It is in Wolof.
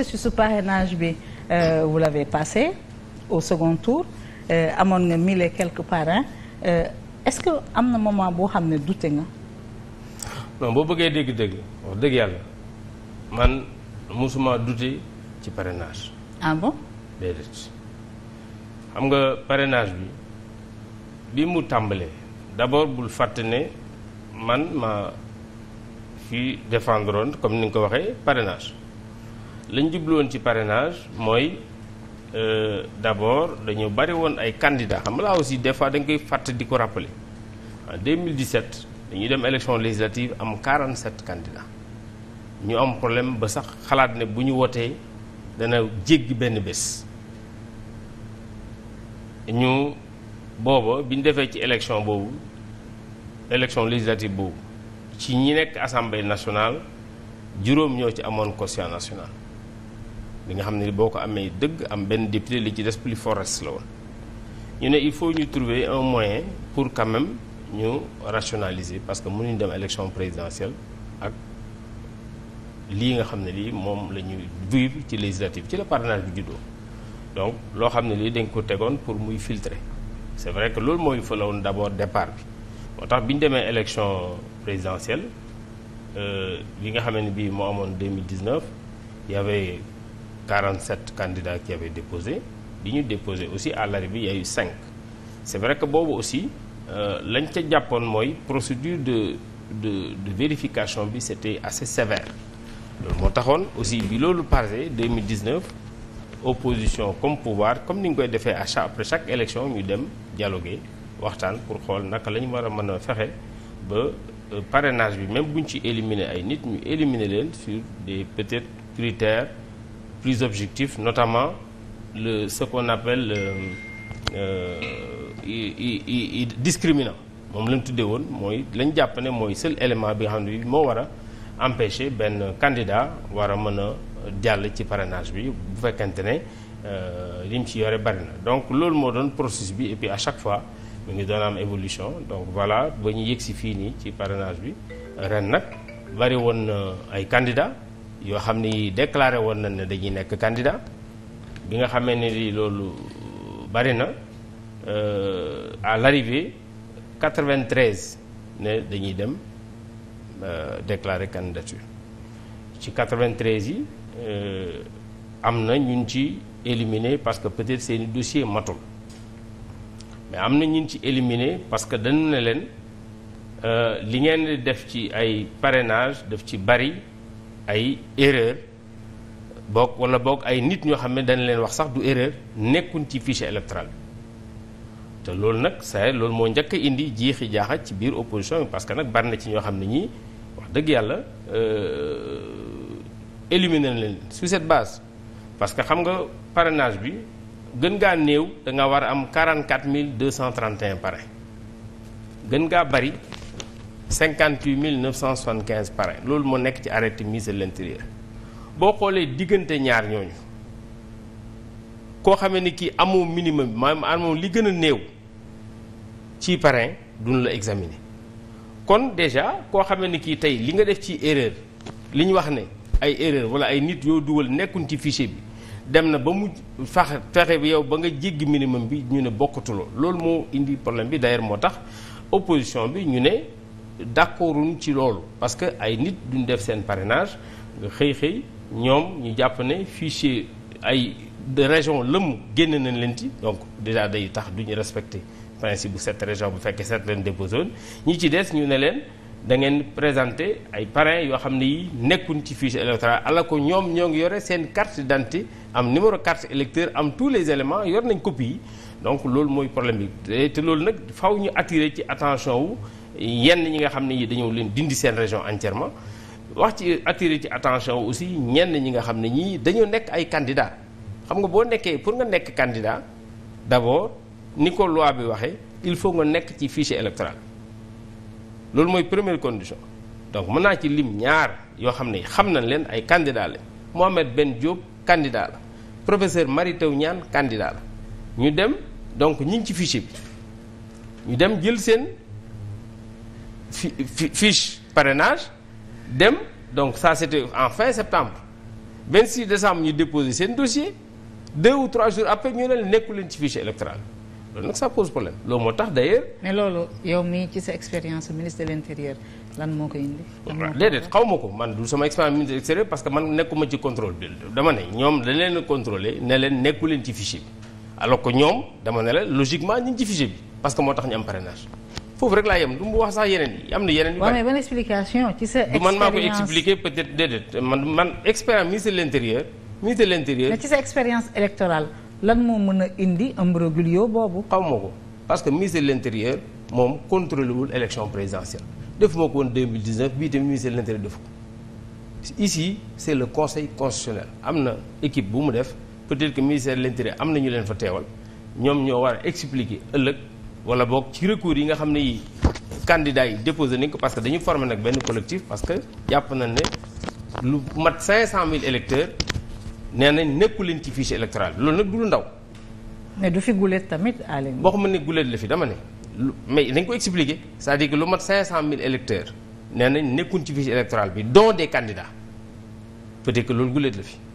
processus su parrainage bi euh, vous l'avez passé au second tour euh, amoon nga mille quelque parent parrains euh, est-ce que am na moment boo xam ne dute nga. boo bëggee dégg-dégg wax dëgg yàlla man musuma dute ci parrainage. ah bon. déedéet xam nga parrainage bi bi mu tàmbalee d'abord bul fàtte ne man ma fi défendroon comme ni nga ko waxee parenage lañ jubluwoon ci parrainage mooy euh, d'abord dañoo bari woon ay candidats xam nga laa aussi des fois dañ koy fàtte di ko rappeler en 2017 dañuy dem élection législative am 47 candidats ñu am problème ba sax xalaat ne bu ñu wotee dana jéggi benn bés ñu booba bi ñu defee ci élection boobu élection législative boobu ci ñi nekk assemblée national juróom ñoo ci amoon caution nationale bi nga xam ne boo ko amee dëgg am benn député li ci des plus forest la woon ñu ne il faut ñu trouver un moyen pour quand ñu rationaliser parce que mënuñu dem élection présidentielle ak lii nga xam ne lii moom la ñuy vivre ci législative ci la parrainage bi judo donc loo xam ne lii dañ ko tegoon pour muy filtrer c'est vrai que loolu mooy fëlawoon d'abord départ bi moo tax bi ñu demee élection présidentielle li euh, nga xam ne bii moo amoon 2019 y avait 47 candidats qui avaient déposé bi ñu déposé aussi à l'arrivée il y a eu 5 que boobu aussi euh, lañ ca jàppoon mooy procédure de de de vérification bi c'était assez sévère loolu moo taxoon aussi bi loolu passé 2019 opposition comme pouvoir comme ni ñu koy defee à après chaque élection ñu dem dialoguer waxtaan pour xool naka la ñu war a mën a fexe ba euh, parenage bi même buñ ci éliminer ay nit ñu éliminer leen sur des peut-être critères plus objectif, notamment le, ce qu'on appelle euh, euh, i i i discriminant moom lañ tuddee woon mooy lañ jàpp ne mooy seul élément bi xam ne bi moo war a empêcher benn candidat war a mën a jàll ci parenage bi bu fekkente ne euh, li mu ci yore bari donc loolu moo doon processus bi et puis à chaque fois mu ngi doon am évolution donc voilà ba ñu yegg si fii nii ci parrainage bi ren nag bari woon ay candidats yoo xam ne ni déclaré woon nañ ne dañuy nekk candidat bi nga xamee ne ni loolu bari na euh, à l'arrivée 93 ne dañuy dem euh, déclarer candidature ci 93 yi euh, am na ñun ci éliminé parce que peut-être seeni dossier matul mais am na ñun ci éliminer parce que dañu ne leen li ngeen def ci ay parrainage def ci bari ay erreur boog wala boog ay nit ñoo xam ne dañ leen wax sax du erreur nekkuñ ci fichier électoral bi te loolu nag saa loolu moo njëkk a indi jiixi jaaxa ci biir opposition bi parce que nag bari na ci ñoo xam ne ñii wax dëgg yàlla euh, éliminer leen sur cette base parce que xam nga parenage bi gën ngaa néew da nga war a am 44 231 parrain gën ngaa bari cinquante huit mille neuf cent soixante quinze parrain loolu moo nekk ci arrêté ministre de l'intérieur boo xoolee diggante ñaar ñooñu koo xamee ni kii amoo minimum bi maanaam amoo li gën a néew ci parrain duñ la examiner kon déjà koo xamee ni kii tey li nga def ci erreur li ñu wax ne ay erreur wala ay nit yoo dugal nekkuñ ci fichier bi dem na ba mu fax fexe bi yow ba nga jéggi minimum bi ñu ne bokkatuloo loolu moo indi problème bi d'ailleurs moo tax opposition bi ñu ne d'accorduñ ci loolu parce que ay nit duñ def seen parrainage nga xëy xëy ñoom ñu jàpp ne fichier ay de région lëmm génn nañ leen ci donc déjà day tax duñu respecter principe bu cette région bu fekkee cette leen déposé woon ñi ci des ñu ne leen da ngeen présenté ay parrain yoo xam ne yi nekkuñ ci fiche électorale ala ko ñoom ñoo ngi yore seen carte d'identité am numéro carte électeur am tous les éléments yor nañ copie yi donc loolu mooy problème bi te loolu nag faw ñu attirer ci attention wu yenn ñi nga xam ne yi dañoo leen dindi seen région entièrement wax ci attirer ci attention aussi ñenn ñi nga xam ne ñii dañoo nekk ay candidats xam nga boo nekkee pour nga nekk candidat d'abord ni ko loi bi waxee il faut nga nekk ci fichier électoral loolu mooy première condition donc mën naa ci lim ñaar yoo xam ne xam nañ leen ay candidats la Mohamed Ben Diop candidat la professeur Mary Teuw ñaan candidat la ñu dem donc ñi ngi ci fichier bi ñu dem jël seen fi fiche parrainage dem donc ça c'était en fin septembre 26 décembre ñu déposé seen dossier deux ou trois jours après ñu ne nekku leen ci fiche électorale loolu nag ça pose problème moo tax d'ailleurs. mais loolu yow mii ci sa expérience ministre de lan moo ko indi. déedéet xaw ma ko man du sama expérience ministre de parce que man nekkuma ci contrôle bi dama ne ñoom dañ leen a contrôler ne leen nekku leen ci fichier bi alors que ñoom dama ne la logiquement ñu ngi ci fichier bi parce que moo tax ñu am parrainage. foofu rek laa yem du mu wax sax yeneen yi am na yeneen yu. waaw mais ban explication ci sa expérience man maa ko expliquer peut-être déedéet man man expérience ministre l'intérieur ministre l'intérieur. mais ci sa expérience électorale lan moo mën a indi imbroglio boobu. xaw ma ko parce que ministre de l'intérieur moom contrôlé wul élection présidentielle def moo ko woon 2019 bii tamit ministre de l'intérieur def ko ici c'est le conseil constitutionnel am na équipe bu mu def peut-être que ministère de am na ñu leen fa teewal ñoom ñoo war a expliquer ëllëg. wala boog ci recours yi nga xam ni yi candidats yi déposé nañ ko parce que dañu formé nag benn collectif parce que jàpp nañ ne lu mat cinq cent mille électeurs nee nañ nekku leen ci fiche électoral loolu nag du ndaw. mais du fi gulet tamit Alioune. boo xam ne gulet la fi dama ne lu mais dañ ko expliquer sa à dire que lu mat mille électeurs nee nañ nekkuñ ci fichier électoral bi dont des candidats peut que loolu gulet la fi.